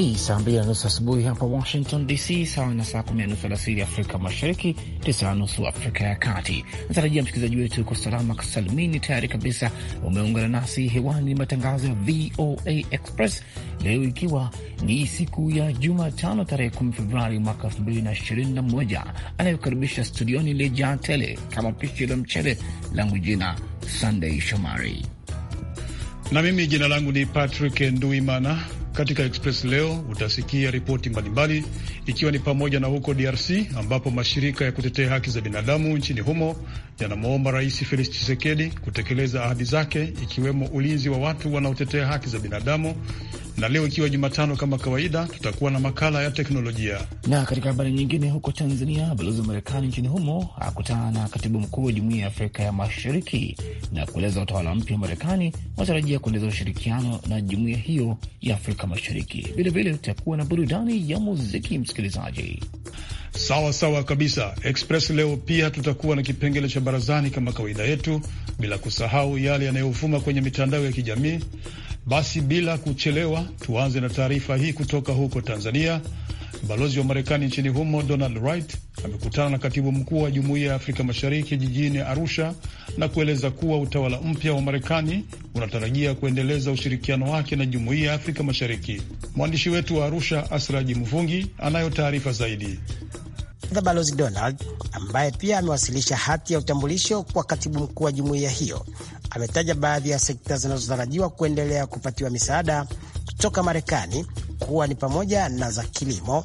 Ni saa mbili na nusu asubuhi hapa Washington DC, sawa na saa kumi na nusu alasiri Afrika Mashariki, tisa na nusu Afrika ya Kati. Natarajia msikilizaji wetu uko salama kasalmini tayari kabisa umeungana nasi hewani. Matangazo ya VOA Express leo ikiwa ni siku ya Jumatano tarehe kumi Februari mwaka elfu mbili na ishirini na moja anayokaribisha studioni leja tele kama pishi la mchele langu, jina sandey Shomari na mimi jina langu ni Patrick Nduimana katika Express leo utasikia ripoti mbalimbali, ikiwa ni pamoja na huko DRC ambapo mashirika ya kutetea haki za binadamu nchini humo yanamwomba Rais Felix Tshisekedi kutekeleza ahadi zake, ikiwemo ulinzi wa watu wanaotetea haki za binadamu na leo ikiwa Jumatano, kama kawaida, tutakuwa na makala ya teknolojia. Na katika habari nyingine, huko Tanzania, balozi wa Marekani nchini humo akutana na katibu mkuu wa Jumuiya ya Afrika ya Mashariki na kueleza utawala mpya wa Marekani wanatarajia kuendeleza ushirikiano na jumuiya hiyo ya Afrika Mashariki. Vilevile tutakuwa na burudani ya muziki, msikilizaji. Sawa sawa kabisa, Express. Leo pia tutakuwa na kipengele cha barazani kama kawaida yetu, bila kusahau yale yanayovuma kwenye mitandao ya kijamii. Basi bila kuchelewa, tuanze na taarifa hii kutoka huko Tanzania. Balozi wa Marekani nchini humo Donald Wright amekutana na katibu mkuu wa Jumuiya ya Afrika Mashariki jijini Arusha na kueleza kuwa utawala mpya wa Marekani unatarajia kuendeleza ushirikiano wake na Jumuiya ya Afrika Mashariki. Mwandishi wetu wa Arusha, Asraji Mvungi, anayo taarifa zaidi the Balozi Donald ambaye pia amewasilisha hati ya utambulisho kwa katibu mkuu wa jumuiya hiyo, ametaja baadhi ya sekta zinazotarajiwa kuendelea kupatiwa misaada kutoka Marekani kuwa ni pamoja na za kilimo,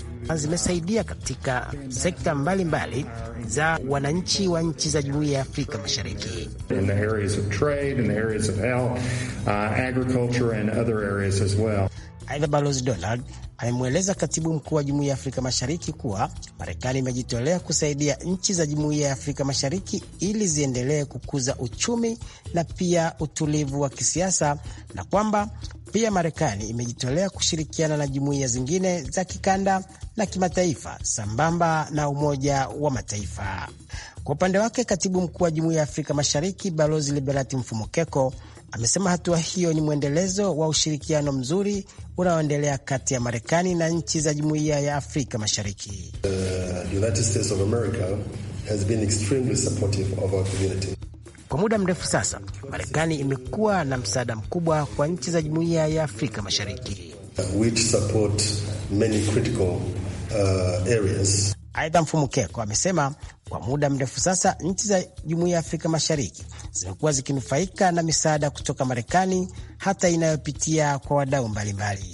zimesaidia katika sekta mbalimbali mbali za wananchi wa nchi za Jumuiya ya Afrika Mashariki. Uh, Aidha, Balozi Donald amemweleza katibu mkuu wa Jumuiya ya Afrika Mashariki kuwa Marekani imejitolea kusaidia nchi za Jumuiya ya Afrika Mashariki ili ziendelee kukuza uchumi na pia utulivu wa kisiasa na kwamba pia Marekani imejitolea kushirikiana na jumuiya zingine za kikanda na kimataifa sambamba na Umoja wa Mataifa. Kwa upande wake, katibu mkuu wa Jumuiya ya Afrika Mashariki Balozi Liberati Mfumukeko amesema hatua hiyo ni mwendelezo wa ushirikiano mzuri unaoendelea kati ya Marekani na nchi za Jumuiya ya Afrika Mashariki. Uh, kwa muda mrefu sasa, Marekani imekuwa na msaada mkubwa kwa nchi za jumuiya ya Afrika Mashariki. Uh, Aidha, uh, Keko amesema kwa muda mrefu sasa nchi za jumuiya ya Afrika Mashariki zimekuwa zikinufaika na misaada kutoka Marekani, hata inayopitia kwa wadau mbalimbali.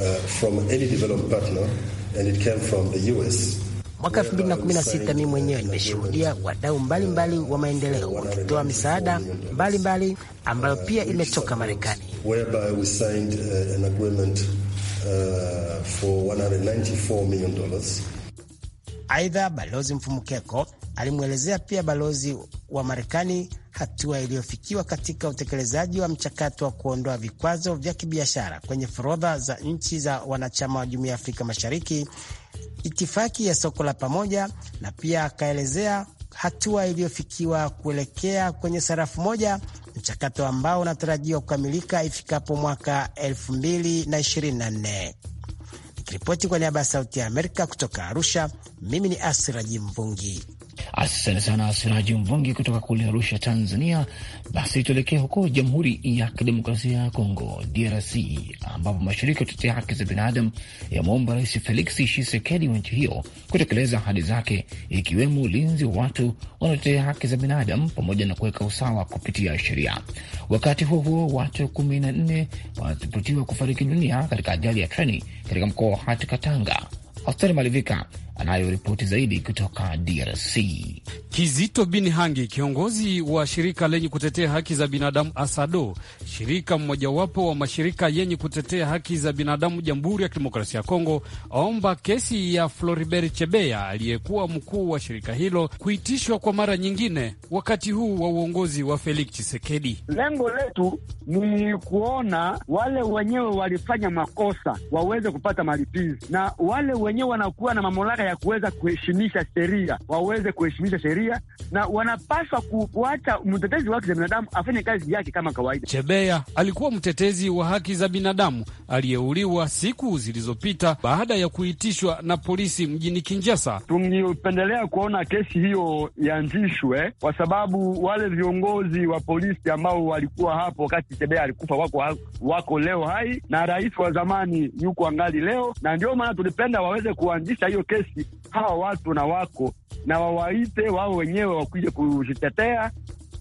Uh, Mwaka 2016 mimi mwenyewe nimeshuhudia wadau mbalimbali wa maendeleo wakitoa misaada mbalimbali mbali ambayo pia imetoka Marekani. Uh, uh, Aidha, Balozi Mfumukeko Alimwelezea pia balozi wa Marekani hatua iliyofikiwa katika utekelezaji wa mchakato wa kuondoa vikwazo vya kibiashara kwenye forodha za nchi za wanachama wa Jumuiya ya Afrika Mashariki, itifaki ya soko la pamoja, na pia akaelezea hatua iliyofikiwa kuelekea kwenye sarafu moja, mchakato ambao unatarajiwa kukamilika ifikapo mwaka 2024. Nikiripoti kwa niaba ya Sauti ya Amerika kutoka Arusha, mimi ni Asira Jimvungi. Asante sana Siraji Mvungi kutoka kule Arusha, Tanzania. Basi tuelekee huko Jamhuri ya Kidemokrasia ya Kongo, DRC, ambapo mashirika ya kutetea haki za binadamu yamwomba Rais Feliksi Tshisekedi wa nchi hiyo kutekeleza ahadi zake, ikiwemo ulinzi wa watu wanaotetea haki za binadamu pamoja na kuweka usawa kupitia sheria. Wakati huo huo, watu kumi na nne wanaripotiwa kufariki dunia katika ajali ya treni katika mkoa wa hati katanga Hosteri Malivika anayoripoti zaidi kutoka DRC. Kizito Binhangi, kiongozi wa shirika lenye kutetea haki za binadamu ASADO, shirika mmojawapo wa mashirika yenye kutetea haki za binadamu Jamhuri ya Kidemokrasia ya Kongo, aomba kesi ya Floribert Chebeya aliyekuwa mkuu wa shirika hilo kuitishwa kwa mara nyingine, wakati huu wa uongozi wa Felix chisekedi Lengo letu ni kuona wale wenyewe walifanya makosa waweze kupata malipizi na wale wenyewe wanakuwa na mamlaka ya kuweza kuheshimisha sheria, waweze kuheshimisha sheria na wanapaswa kuacha mtetezi wa haki za binadamu afanye kazi yake kama kawaida. Chebeya alikuwa mtetezi wa haki za binadamu aliyeuliwa siku zilizopita baada ya kuitishwa na polisi mjini Kinjasa. Tungependelea kuona kesi hiyo ianzishwe kwa sababu wale viongozi wa polisi ambao walikuwa hapo wakati Chebeya alikufa wako, wako leo hai na rais wa zamani yuko angali leo, na ndio maana tulipenda waweze kuanzisha hiyo kesi basi hawa watu na wako na wawaite wao wenyewe wakuja kujitetea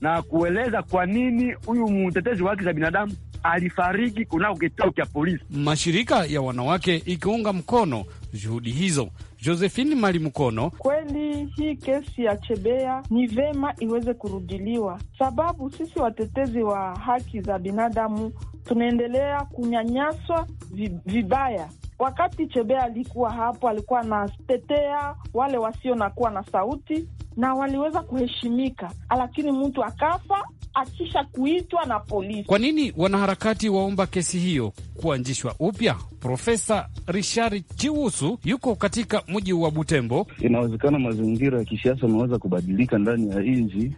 na kueleza kwa nini huyu mtetezi wa haki za binadamu alifariki kunao kituo cha polisi. Mashirika ya wanawake ikiunga mkono juhudi hizo. Josephine Mali Mkono, kweli hii kesi ya Chebea ni vema iweze kurudiliwa, sababu sisi watetezi wa haki za binadamu tunaendelea kunyanyaswa vibaya Wakati Chebea alikuwa hapo, alikuwa anatetea wale wasio nakuwa na sauti na waliweza kuheshimika, lakini mtu akafa akisha kuitwa na polisi. Kwa nini wanaharakati waomba kesi hiyo kuanzishwa upya? Profesa Rishari chiusu yuko katika mji wa Butembo. Inawezekana mazingira ya kisiasa wameweza kubadilika ndani ya nchi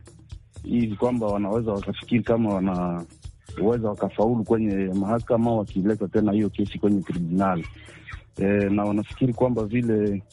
hivi kwamba wanaweza wakafikiri kama wana huweza wakafaulu kwenye mahakama wakileta tena hiyo kesi kwenye tribunali e, na wanafikiri kwamba vile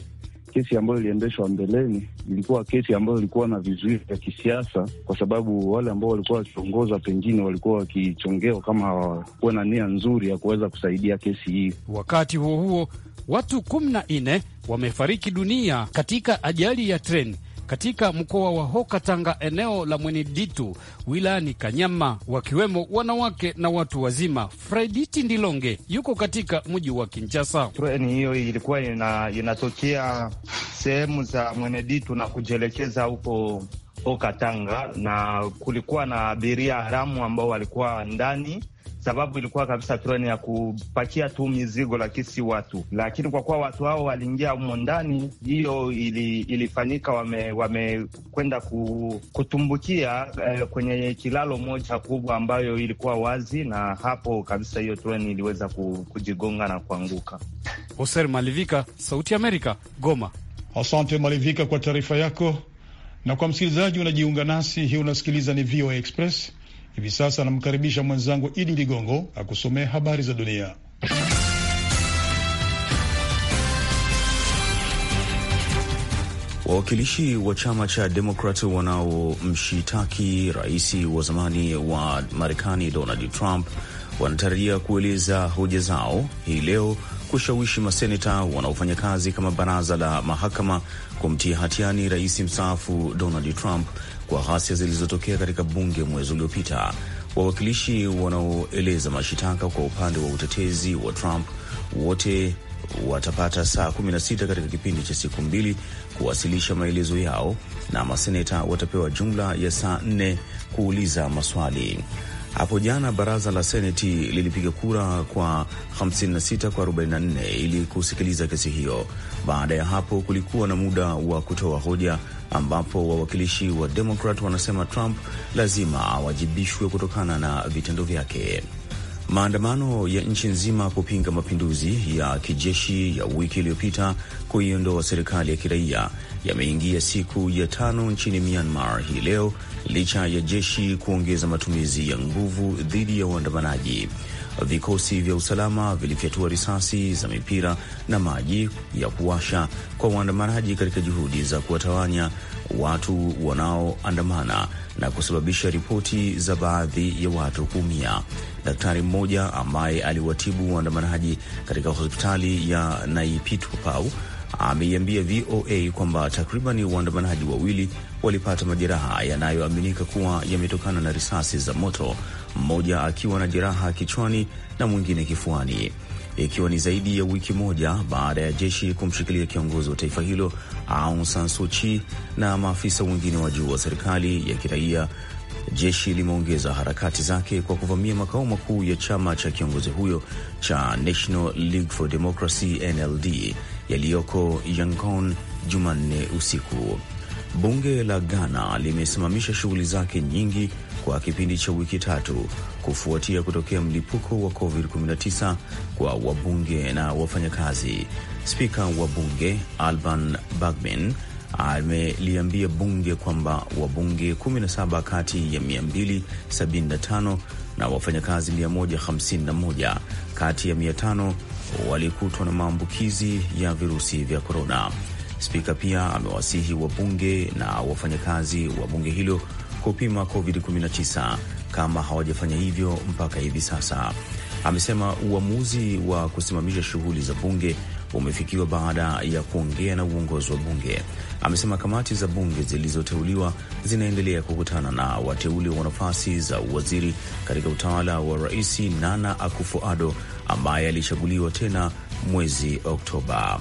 kesi ambayo iliendeshwa mbeleni ilikuwa kesi ambayo ilikuwa na vizuizi vya kisiasa, kwa sababu wale ambao walikuwa wakiongoza pengine walikuwa wakichongewa kama hawakuwa na nia nzuri ya kuweza kusaidia kesi hii. Wakati huo huo, watu kumi na nne wamefariki dunia katika ajali ya treni katika mkoa wa Hoka Tanga, eneo la mweneditu wilayani Kanyama, wakiwemo wanawake na watu wazima. Frediti Ndilonge yuko katika mji wa kinchasa Treni hiyo ilikuwa ina, inatokea sehemu za Mweneditu na kujielekeza huko Hoka Tanga, na kulikuwa na abiria haramu ambao walikuwa ndani sababu ilikuwa kabisa treni ya kupakia tu mizigo, lakini si watu. Lakini kwa kuwa watu hao waliingia humo ndani, hiyo ili, ilifanyika wamekwenda wame ku, kutumbukia eh, kwenye kilalo moja kubwa ambayo ilikuwa wazi, na hapo kabisa hiyo treni iliweza kujigonga na kuanguka. Hoser Malivika, Sauti ya Amerika, Goma. Asante Malivika kwa taarifa yako. Na kwa msikilizaji unajiunga nasi hii, unasikiliza ni VOA Express Hivi sasa anamkaribisha mwenzangu Idi Ligongo akusomee habari za dunia. Wawakilishi wa chama cha Demokrat wanaomshitaki rais wa zamani wa Marekani Donald Trump wanatarajia kueleza hoja zao hii leo kushawishi maseneta wanaofanya kazi kama baraza la mahakama kumtia hatiani rais mstaafu Donald Trump kwa ghasia zilizotokea katika bunge mwezi uliopita. Wawakilishi wanaoeleza mashitaka kwa upande wa utetezi wa Trump wote watapata saa 16 katika kipindi cha siku mbili kuwasilisha maelezo yao, na maseneta watapewa jumla ya saa nne kuuliza maswali. Hapo jana baraza la seneti lilipiga kura kwa 56 kwa 44 ili kusikiliza kesi hiyo. Baada ya hapo kulikuwa na muda wa kutoa hoja ambapo wawakilishi wa Demokrat wanasema Trump lazima awajibishwe kutokana na vitendo vyake. Maandamano ya nchi nzima kupinga mapinduzi ya kijeshi ya wiki iliyopita kuiondoa serikali ya kiraia yameingia siku ya tano nchini Myanmar hii leo licha ya jeshi kuongeza matumizi ya nguvu dhidi ya uandamanaji Vikosi vya usalama vilifyatua risasi za mipira na maji ya kuwasha kwa waandamanaji katika juhudi za kuwatawanya watu wanaoandamana na kusababisha ripoti za baadhi ya watu kuumia. Daktari mmoja ambaye aliwatibu waandamanaji katika hospitali ya Naipitupau ameiambia VOA kwamba takriban waandamanaji wawili walipata majeraha yanayoaminika kuwa yametokana na risasi za moto, mmoja akiwa na jeraha kichwani na mwingine kifuani, ikiwa ni zaidi ya wiki moja baada ya jeshi kumshikilia kiongozi wa taifa hilo Aung San Suu Kyi na maafisa wengine wa juu wa serikali ya kiraia. Jeshi limeongeza harakati zake kwa kuvamia makao makuu ya chama cha kiongozi huyo cha National League for Democracy NLD yaliyoko Yangon Jumanne usiku. Bunge la Ghana limesimamisha shughuli zake nyingi kwa kipindi cha wiki tatu kufuatia kutokea mlipuko wa COVID-19 kwa wabunge na wafanyakazi. Spika wa bunge Alban Bagbin ameliambia bunge kwamba wabunge 17 kati ya 275 na wafanyakazi 151 kati ya 500 walikutwa na maambukizi ya virusi vya korona. Spika pia amewasihi wabunge na wafanyakazi wa bunge hilo kupima COVID-19 kama hawajafanya hivyo mpaka hivi sasa. Amesema uamuzi wa kusimamisha shughuli za bunge umefikiwa baada ya kuongea na uongozi wa bunge. Amesema kamati za bunge zilizoteuliwa zinaendelea kukutana na wateule wa nafasi za uwaziri katika utawala wa Rais Nana Akufo-Addo ambaye alichaguliwa tena mwezi Oktoba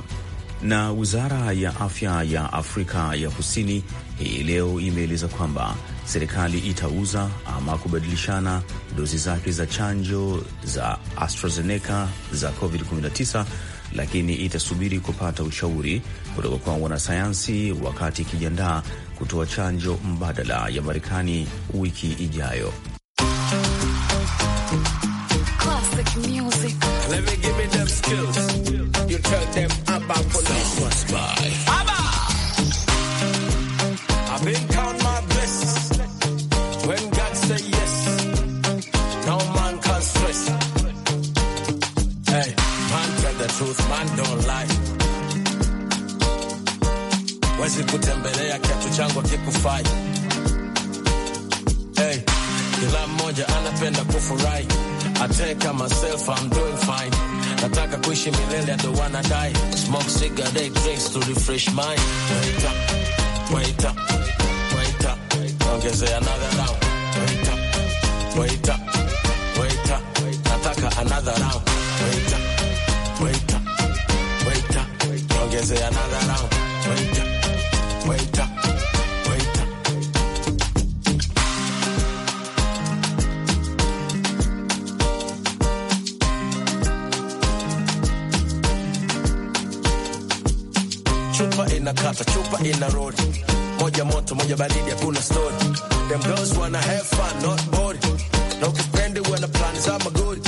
na wizara ya afya ya Afrika ya Kusini hii leo imeeleza kwamba serikali itauza ama kubadilishana dozi zake za chanjo za AstraZeneca za COVID-19 lakini itasubiri kupata ushauri kutoka kwa wanasayansi wakati ikijiandaa kutoa chanjo mbadala ya Marekani wiki ijayo. good music. Let me give me them skills. You tell them about police was by. Abba! I've been counting my blessings. When God say yes, no man can stress. Hey, man tell the truth, man don't lie. Wezi kutembelea kiatu changu akikufai. Hey, kila mmoja anapenda kufurahi I take care myself, I'm doing fine. Nataka kuishi milele, I don't wanna die. Smoke cigarette drinks to refresh mind. Waiter, waiter, waiter, don't up. Ongezea another round. Waiter, waiter, waiter, up, wait Nataka another round. Waiter, waiter, waiter, don't up. Ongezea another round. Waiter, waiter. inakata, chupa ina rodi moja, moto moja baridi, hakuna story. Them girls wanna have fun not bored, na ukipende wana plani za magori.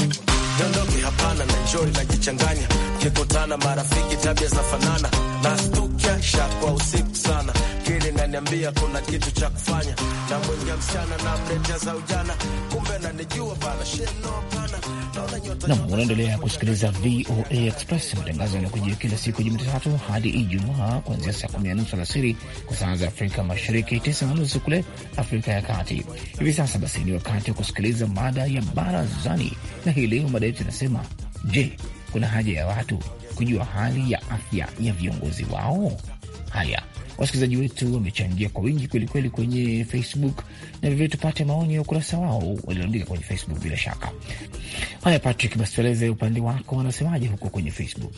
Dondoke hapana na na jichanganya kikutana marafiki, tabia zafanana na nastukia shakwa usiku sana fikiri naniambia kuna kitu cha kufanya, na namwingia msichana na namletea za ujana, kumbe nanijua bana sheno pana naona Nam unaendelea kusikiliza VOA Express, matangazo yanakujia kila siku Jumatatu hadi Ijumaa kuanzia saa kumi na nusu alasiri kwa saa za Afrika Mashariki, tisa na nusu kule Afrika ya Kati. Hivi sasa basi ni wakati wa kusikiliza mada ya barazani, na hii leo mada yetu inasema je, kuna haja ya watu kujua hali ya afya ya viongozi wao? haya. Wasikilizaji wetu wamechangia kwa wingi kwelikweli kwenye Facebook na vilevile tupate maoni ya ukurasa wao walioandika kwenye Facebook. Bila shaka, haya Patrick, basi tueleze upande wako, wanasemaje huko kwenye Facebook?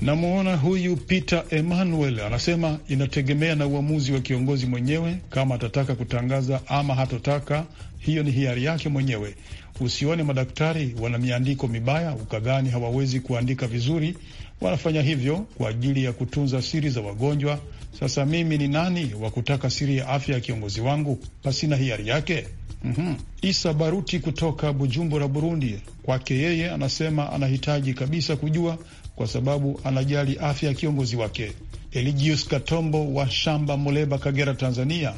Namwona huyu Peter Emmanuel anasema inategemea na uamuzi wa kiongozi mwenyewe, kama atataka kutangaza ama hatotaka, hiyo ni hiari yake mwenyewe. Usione madaktari wana miandiko mibaya ukadhani hawawezi kuandika vizuri, wanafanya hivyo kwa ajili ya kutunza siri za wagonjwa. Sasa mimi ni nani wa kutaka siri ya afya ya kiongozi wangu pasina hiari yake? Mm -hmm. Isa Baruti kutoka Bujumbura, Burundi, kwake yeye anasema anahitaji kabisa kujua kwa sababu anajali afya ya kiongozi wake. Eligius Katombo wa Shamba, Muleba, Kagera, Tanzania: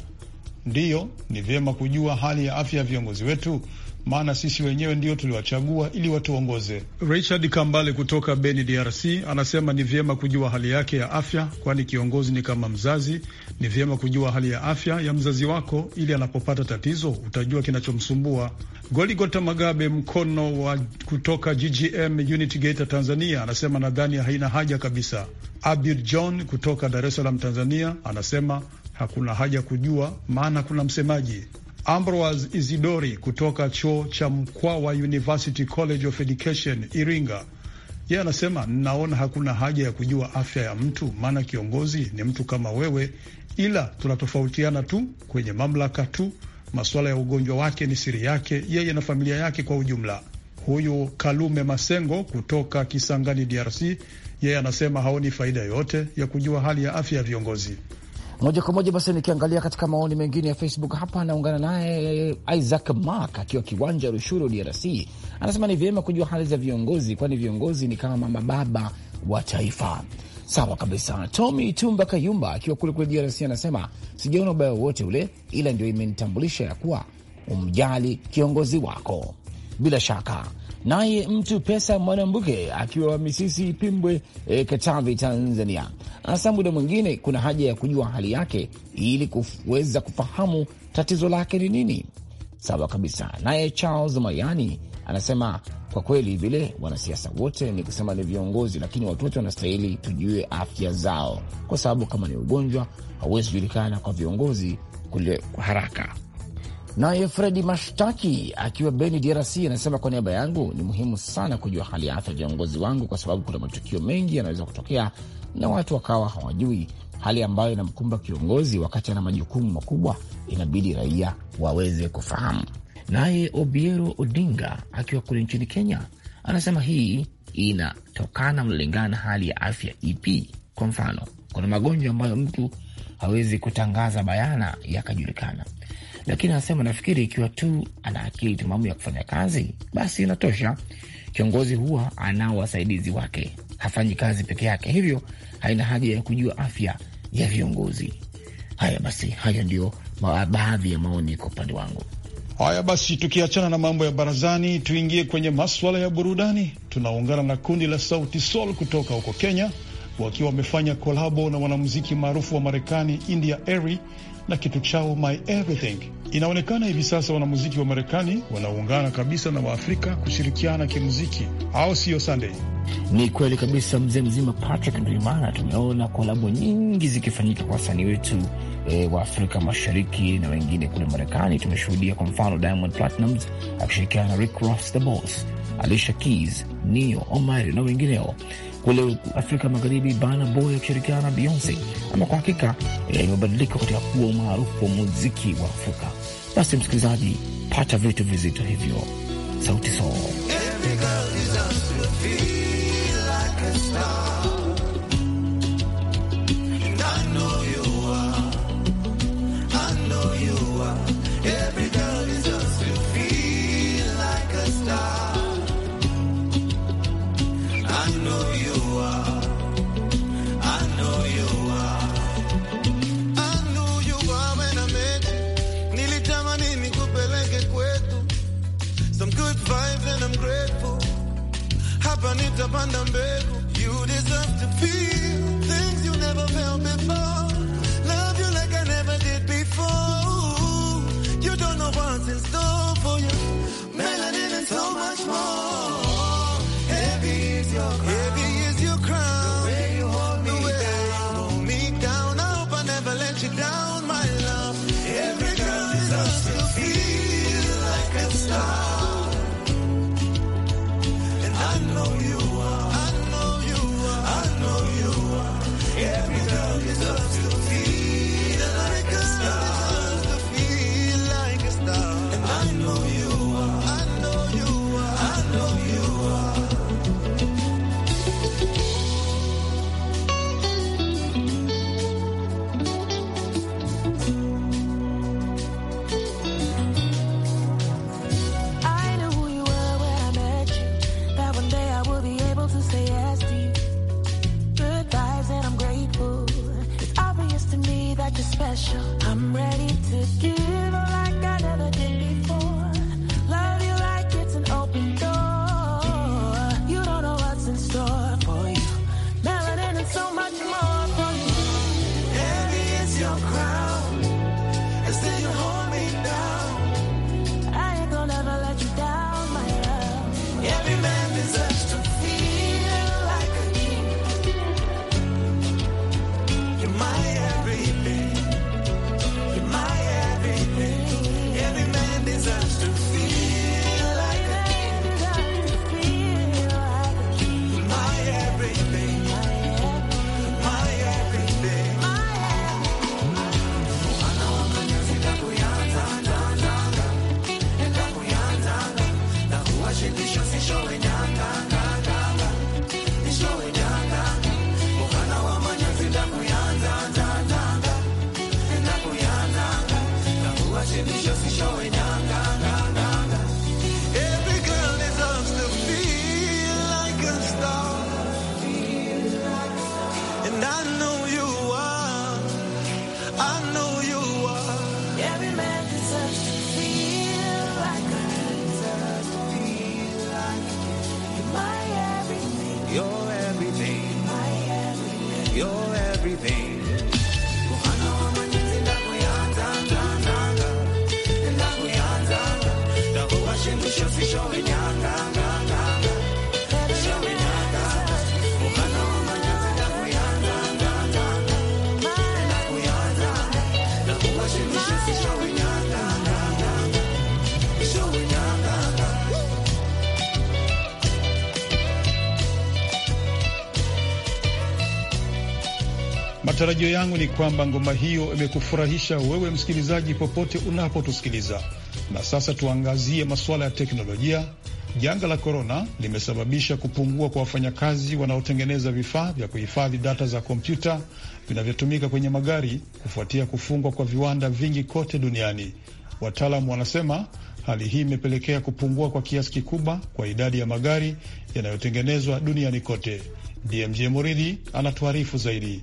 ndiyo, ni vyema kujua hali ya afya ya viongozi wetu maana sisi wenyewe ndio tuliwachagua ili watuongoze. Richard Kambale kutoka Beni, DRC, anasema ni vyema kujua hali yake ya afya, kwani kiongozi ni kama mzazi. Ni vyema kujua hali ya afya ya mzazi wako ili anapopata tatizo utajua kinachomsumbua. Goligota Magabe Mkono wa kutoka GGM Unity Gate, Tanzania, anasema nadhani haina haja kabisa. Abid John kutoka Dar es Salaam, Tanzania, anasema hakuna haja kujua, maana kuna msemaji. Ambroas Isidori kutoka chuo cha Mkwawa University College of Education Iringa. Yeye anasema nnaona hakuna haja ya kujua afya ya mtu, maana kiongozi ni mtu kama wewe, ila tunatofautiana tu kwenye mamlaka tu. Masuala ya ugonjwa wake ni siri yake yeye na familia yake kwa ujumla. Huyu Kalume Masengo kutoka Kisangani, DRC, yeye anasema haoni faida yoyote ya kujua hali ya afya ya viongozi moja kwa moja. Basi nikiangalia katika maoni mengine ya Facebook hapa, anaungana naye Isaac Mark akiwa kiwanja Rushuru, DRC, anasema ni vyema kujua hali za viongozi, kwani viongozi ni kama mababa wa taifa. Sawa kabisa. Tommy Tumba Kayumba akiwa kule kule DRC anasema sijaona ubaya wowote ule, ila ndio imenitambulisha ya kuwa umjali kiongozi wako. Bila shaka Naye mtu pesa Mwanambuke akiwa Misisi Pimbwe e, Katavi, Tanzania, hasa muda mwingine kuna haja ya kujua hali yake ili kuweza kufahamu tatizo lake ni nini. Sawa kabisa. Naye Charles Mayani anasema kwa kweli vile wanasiasa wote ni kusema ni viongozi, lakini watoto wanastahili tujue afya zao, kwa sababu kama ni ugonjwa hauwezi kujulikana kwa viongozi kule haraka. Naye Fredi Mashtaki akiwa Beni, DRC, anasema kwa niaba yangu, ni muhimu sana kujua hali ya afya viongozi wangu, kwa sababu kuna matukio mengi yanaweza kutokea na watu wakawa hawajui, hali ambayo inamkumba kiongozi wakati ana majukumu makubwa. Inabidi raia waweze kufahamu. Naye Obiero Odinga akiwa kule nchini Kenya anasema hii inatokana mnalingana na hali ya afya ipi. Kwa mfano, kuna magonjwa ambayo mtu hawezi kutangaza bayana yakajulikana lakini anasema nafikiri ikiwa tu ana akili timamu ya kufanya kazi basi inatosha. Kiongozi huwa anao wasaidizi wake, hafanyi kazi peke yake, hivyo haina haja ya kujua afya ya viongozi. Haya basi, hayo ndiyo baadhi ya maoni kwa upande wangu. Haya basi, tukiachana na mambo ya barazani, tuingie kwenye maswala ya burudani. Tunaungana na kundi la Sauti Sol kutoka huko Kenya, wakiwa wamefanya kolabo na mwanamuziki maarufu wa Marekani India Eri na kitu chao My Everything. Inaonekana hivi sasa wanamuziki wa Marekani wanaungana kabisa na Waafrika kushirikiana kimuziki, au sio, Sunday? Ni kweli kabisa, mzee mzima Patrick. ndimana tumeona kolabo nyingi zikifanyika kwa wasanii wetu e, wa Afrika Mashariki na wengine kule Marekani. Tumeshuhudia kwa mfano Diamond Platnumz akishirikiana na Rick Ross, The Boss, Alicia Keys, Neo Omari na wengineo kule Afrika Magharibi, Burna Boy akishirikiana na Beyonce, ama kwa hakika eh, imebadilika katika kuwa umaarufu wa muziki wa Afrika. Basi msikilizaji, pata vitu vizito hivyo. Sauti Sol. Matarajio yangu ni kwamba ngoma hiyo imekufurahisha wewe msikilizaji, popote unapotusikiliza. Na sasa tuangazie masuala ya teknolojia. Janga la korona limesababisha kupungua kwa wafanyakazi wanaotengeneza vifaa vya kuhifadhi data za kompyuta vinavyotumika kwenye magari kufuatia kufungwa kwa viwanda vingi kote duniani. Wataalamu wanasema hali hii imepelekea kupungua kwa kiasi kikubwa kwa idadi ya magari yanayotengenezwa duniani kote. dmj Muridhi anatuarifu zaidi.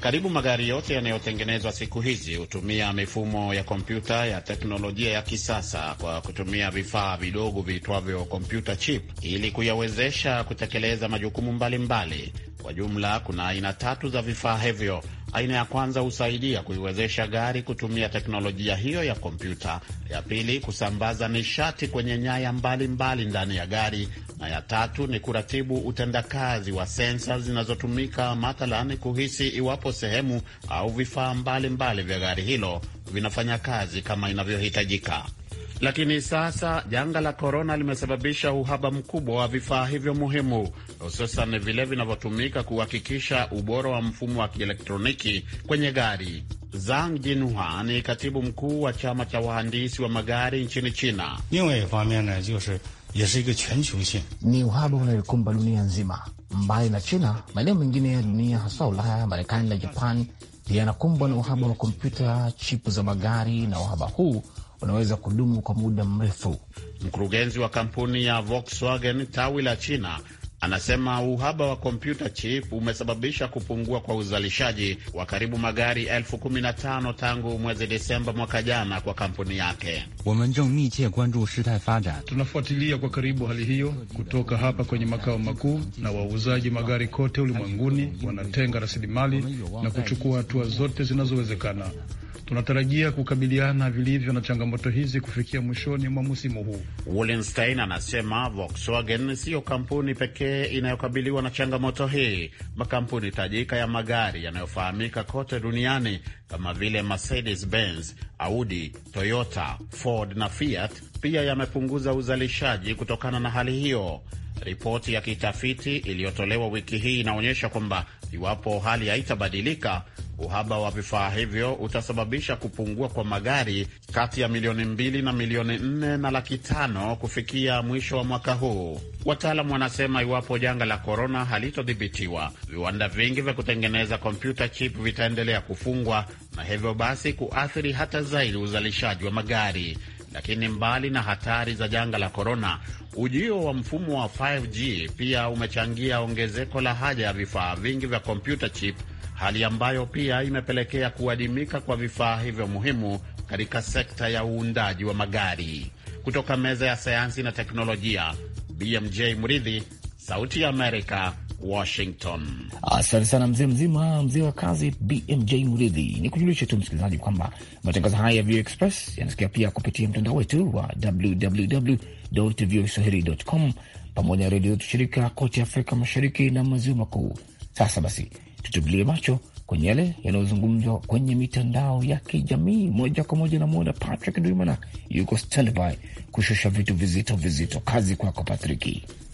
Karibu magari yote yanayotengenezwa siku hizi hutumia mifumo ya kompyuta ya teknolojia ya kisasa kwa kutumia vifaa vidogo viitwavyo kompyuta chip ili kuyawezesha kutekeleza majukumu mbalimbali mbali. Kwa jumla kuna aina tatu za vifaa hivyo. Aina ya kwanza husaidia kuiwezesha gari kutumia teknolojia hiyo ya kompyuta, ya pili kusambaza nishati kwenye nyaya mbalimbali mbali ndani ya gari, na ya tatu ni kuratibu utendakazi wa sensa zinazotumika mathalan kuhisi iwapo sehemu au vifaa mbalimbali vya gari hilo vinafanya kazi kama inavyohitajika. Lakini sasa janga la korona limesababisha uhaba mkubwa wa vifaa hivyo muhimu, hususan vile vinavyotumika kuhakikisha ubora wa mfumo wa kielektroniki kwenye gari. Zhang Jinhua ni katibu mkuu wa chama cha wahandisi wa magari nchini China. Ni uhaba unayoikumba dunia nzima. Mbali na China, maeneo mengine ya dunia hasa Ulaya, Marekani na Japani pia yanakumbwa na uhaba wa kompyuta, chipu za magari, na uhaba huu unaweza kudumu kwa muda mrefu. Mkurugenzi wa kampuni ya Volkswagen tawi la China anasema uhaba wa kompyuta chip umesababisha kupungua kwa uzalishaji wa karibu magari elfu kumi na tano tangu mwezi Desemba mwaka jana kwa kampuni yake. Tunafuatilia kwa karibu hali hiyo kutoka hapa kwenye makao makuu, na wauzaji magari kote ulimwenguni wanatenga rasilimali na kuchukua hatua zote zinazowezekana. Tunatarajia kukabiliana vilivyo na changamoto hizi kufikia mwishoni mwa msimu huu. Wolenstein anasema Volkswagen siyo kampuni pekee inayokabiliwa na changamoto hii. Makampuni tajika ya magari yanayofahamika kote duniani kama vile Mercedes Benz, Audi, Toyota, Ford na Fiat pia yamepunguza uzalishaji kutokana na hali hiyo. Ripoti ya kitafiti iliyotolewa wiki hii inaonyesha kwamba iwapo hali haitabadilika Uhaba wa vifaa hivyo utasababisha kupungua kwa magari kati ya milioni mbili na milioni nne na laki tano kufikia mwisho wa mwaka huu. Wataalamu wanasema iwapo janga la korona halitodhibitiwa, viwanda vingi vya kutengeneza kompyuta chip vitaendelea kufungwa na hivyo basi kuathiri hata zaidi uzalishaji wa magari. Lakini mbali na hatari za janga la korona, ujio wa mfumo wa 5G pia umechangia ongezeko la haja ya vifaa vingi vya kompyuta chip hali ambayo pia imepelekea kuadimika kwa vifaa hivyo muhimu katika sekta ya uundaji wa magari. Kutoka meza ya sayansi na teknolojia, BMJ Mridhi, Sauti ya Amerika, Washington. Asante sana mzee mzima, mzee wa kazi BMJ Mridhi. Ni kujulishe tu msikilizaji kwamba matangazo haya ya VOA Express yanasikia pia kupitia mtandao wetu wa www voa swahili com pamoja na redio zetu shirika kote Afrika Mashariki na Maziwa Makuu. Sasa basi tutubilie macho kwenye yale yanayozungumzwa kwenye mitandao ya kijamii moja kwa moja. Namwona Patrick Ndwimana yuko standby kushusha vitu vizito vizito. Kazi kwako Patrick.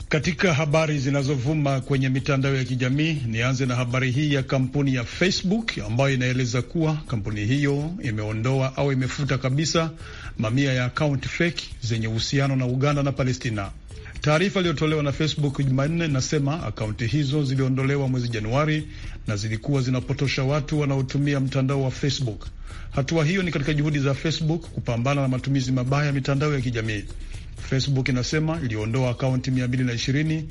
Katika habari zinazovuma kwenye mitandao ya kijamii nianze na habari hii ya kampuni ya Facebook ambayo inaeleza kuwa kampuni hiyo imeondoa au imefuta kabisa mamia ya akaunti feki zenye uhusiano na Uganda na Palestina. Taarifa iliyotolewa na Facebook Jumanne inasema akaunti hizo ziliondolewa mwezi Januari na zilikuwa zinapotosha watu wanaotumia mtandao wa Facebook. Hatua hiyo ni katika juhudi za Facebook kupambana na matumizi mabaya ya mitandao ya kijamii. Facebook inasema iliondoa akaunti 220,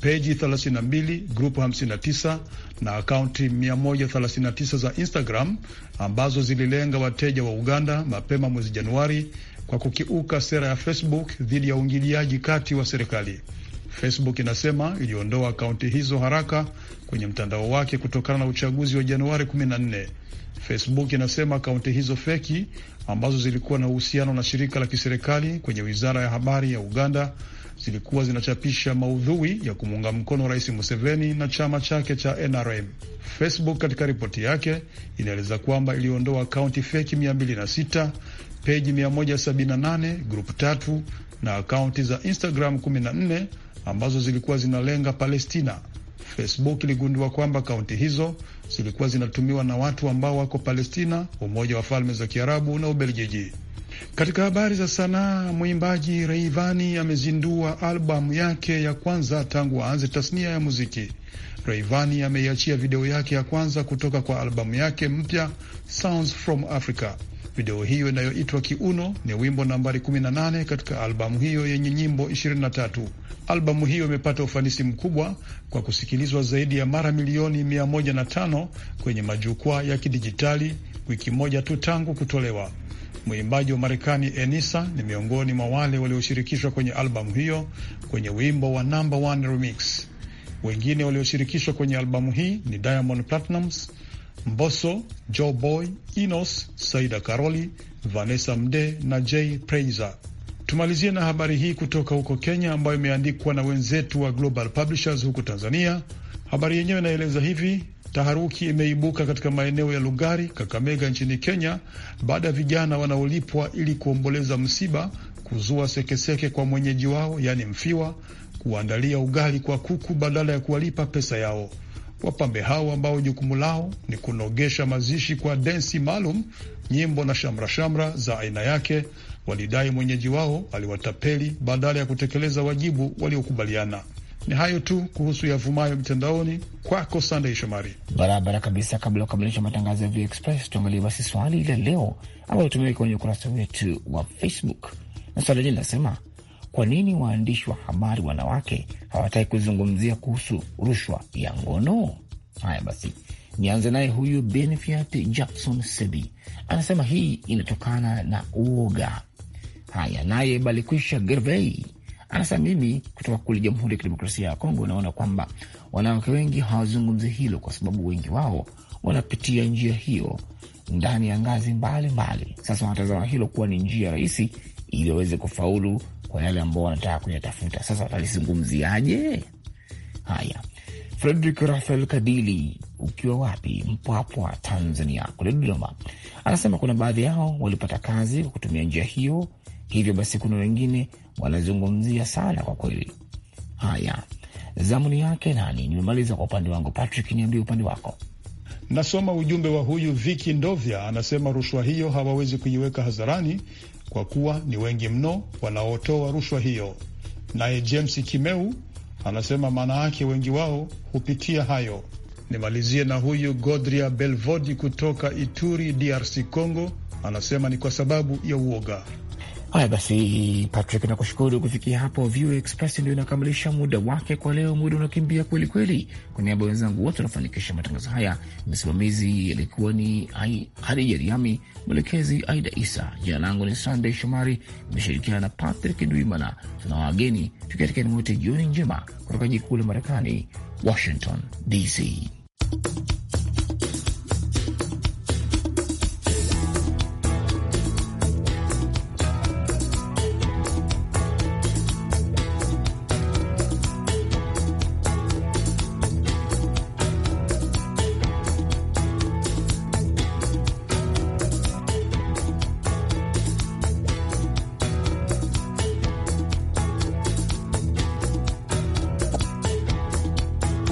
peji 32, grupu 59 na akaunti 139 za Instagram ambazo zililenga wateja wa Uganda mapema mwezi Januari kwa kukiuka sera ya Facebook dhidi ya uingiliaji kati wa serikali. Facebook inasema iliondoa akaunti hizo haraka kwenye mtandao wake kutokana na uchaguzi wa Januari 14. Facebook inasema akaunti hizo feki ambazo zilikuwa na uhusiano na shirika la kiserikali kwenye wizara ya habari ya Uganda zilikuwa zinachapisha maudhui ya kumuunga mkono Rais Museveni na chama chake cha NRM. Facebook katika ripoti yake inaeleza kwamba iliondoa akaunti feki 206, peji 178, grupu tatu na akaunti za Instagram ambazo zilikuwa zinalenga Palestina. Facebook iligundua kwamba kaunti hizo zilikuwa zinatumiwa na watu ambao wako Palestina, Umoja wa Falme za Kiarabu na Ubelgiji. Katika habari za sanaa, mwimbaji Reivani amezindua albamu yake ya kwanza tangu aanze tasnia ya muziki. Reivani ameiachia video yake ya kwanza kutoka kwa albamu yake mpya Sounds from Africa. Video hiyo inayoitwa Kiuno ni wimbo nambari 18 katika albamu hiyo yenye nyimbo 23. Albamu hiyo imepata ufanisi mkubwa kwa kusikilizwa zaidi ya mara milioni 105 kwenye majukwaa ya kidijitali wiki moja tu tangu kutolewa. Mwimbaji wa Marekani Enisa ni miongoni mwa wale walioshirikishwa kwenye albamu hiyo kwenye wimbo wa Number One Remix. Wengine walioshirikishwa kwenye albamu hii ni Diamond Platnumz Mboso, Joe Boy, Inos Saida, Karoli, Vanessa Mde na Jay Preiza. Tumalizie na habari hii kutoka huko Kenya, ambayo imeandikwa na wenzetu wa Global Publishers huko Tanzania. Habari yenyewe inaeleza hivi: Taharuki imeibuka katika maeneo ya Lugari, Kakamega nchini Kenya baada ya vijana wanaolipwa ili kuomboleza msiba kuzua sekeseke kwa mwenyeji wao, yaani mfiwa, kuandalia ugali kwa kuku badala ya kuwalipa pesa yao. Wapambe hao ambao jukumu lao ni kunogesha mazishi kwa densi maalum, nyimbo na shamra shamra za aina yake, walidai mwenyeji wao aliwatapeli badala ya kutekeleza wajibu waliokubaliana. Ni hayo tu kuhusu yavumayo mtandaoni. Kwako Sandei Shomari. Barabara kabisa. Kabla ya kukamilisha matangazo ya V Express, tuangalie basi swali la leo ambalo tumewe kwenye ukurasa wetu wa Facebook, na swali hili linasema kwa nini waandishi wa habari wanawake hawataki kuzungumzia kuhusu rushwa ya ngono? Haya basi, nianze naye huyu Benefiat Jackson Sebi anasema hii inatokana na uoga. Haya, naye Balikwisha Gervei anasema mimi kutoka kule Jamhuri ya Kidemokrasia ya Kongo naona kwamba wanawake wengi hawazungumzi hilo kwa sababu wengi wao wanapitia njia hiyo ndani ya ngazi mbalimbali mbali. Sasa wanatazama hilo kuwa ni njia rahisi ili waweze kufaulu kwa yale ambao wanataka kuyatafuta. Sasa watalizungumziaje? Haya, Fredrik Rafael Kadili, ukiwa wapi? Mpwapwa, Tanzania, kule Dodoma, anasema kuna baadhi yao walipata kazi kwa kutumia njia hiyo, hivyo basi kuna wengine wanazungumzia sana kwa kweli. Haya, zamuni yake nani? Nimemaliza kwa upande wangu. Patrick, niambie upande wako. Nasoma ujumbe wa huyu Viki Ndovya, anasema rushwa hiyo hawawezi kuiweka hadharani, kwa kuwa ni wengi mno wanaotoa rushwa hiyo. Naye James Kimeu anasema maana yake wengi wao hupitia hayo. Nimalizie na huyu Godria Belvodi kutoka Ituri, DRC Congo, anasema ni kwa sababu ya uoga. Haya basi, Patrick, nakushukuru. Kufikia hapo, VOA Express ndio inakamilisha muda wake kwa leo. Muda unakimbia kweli kweli. Kwa niaba ya wenzangu wote wanafanikisha matangazo haya, msimamizi alikuwa ni Hadija Riami, mwelekezi Aida Isa. Jina langu ni Sandey Shomari, imeshirikiana na Patrick Ndwimana. Tuna wageni tukiatikani wote, jioni njema kutoka jikuu la Marekani, Washington DC.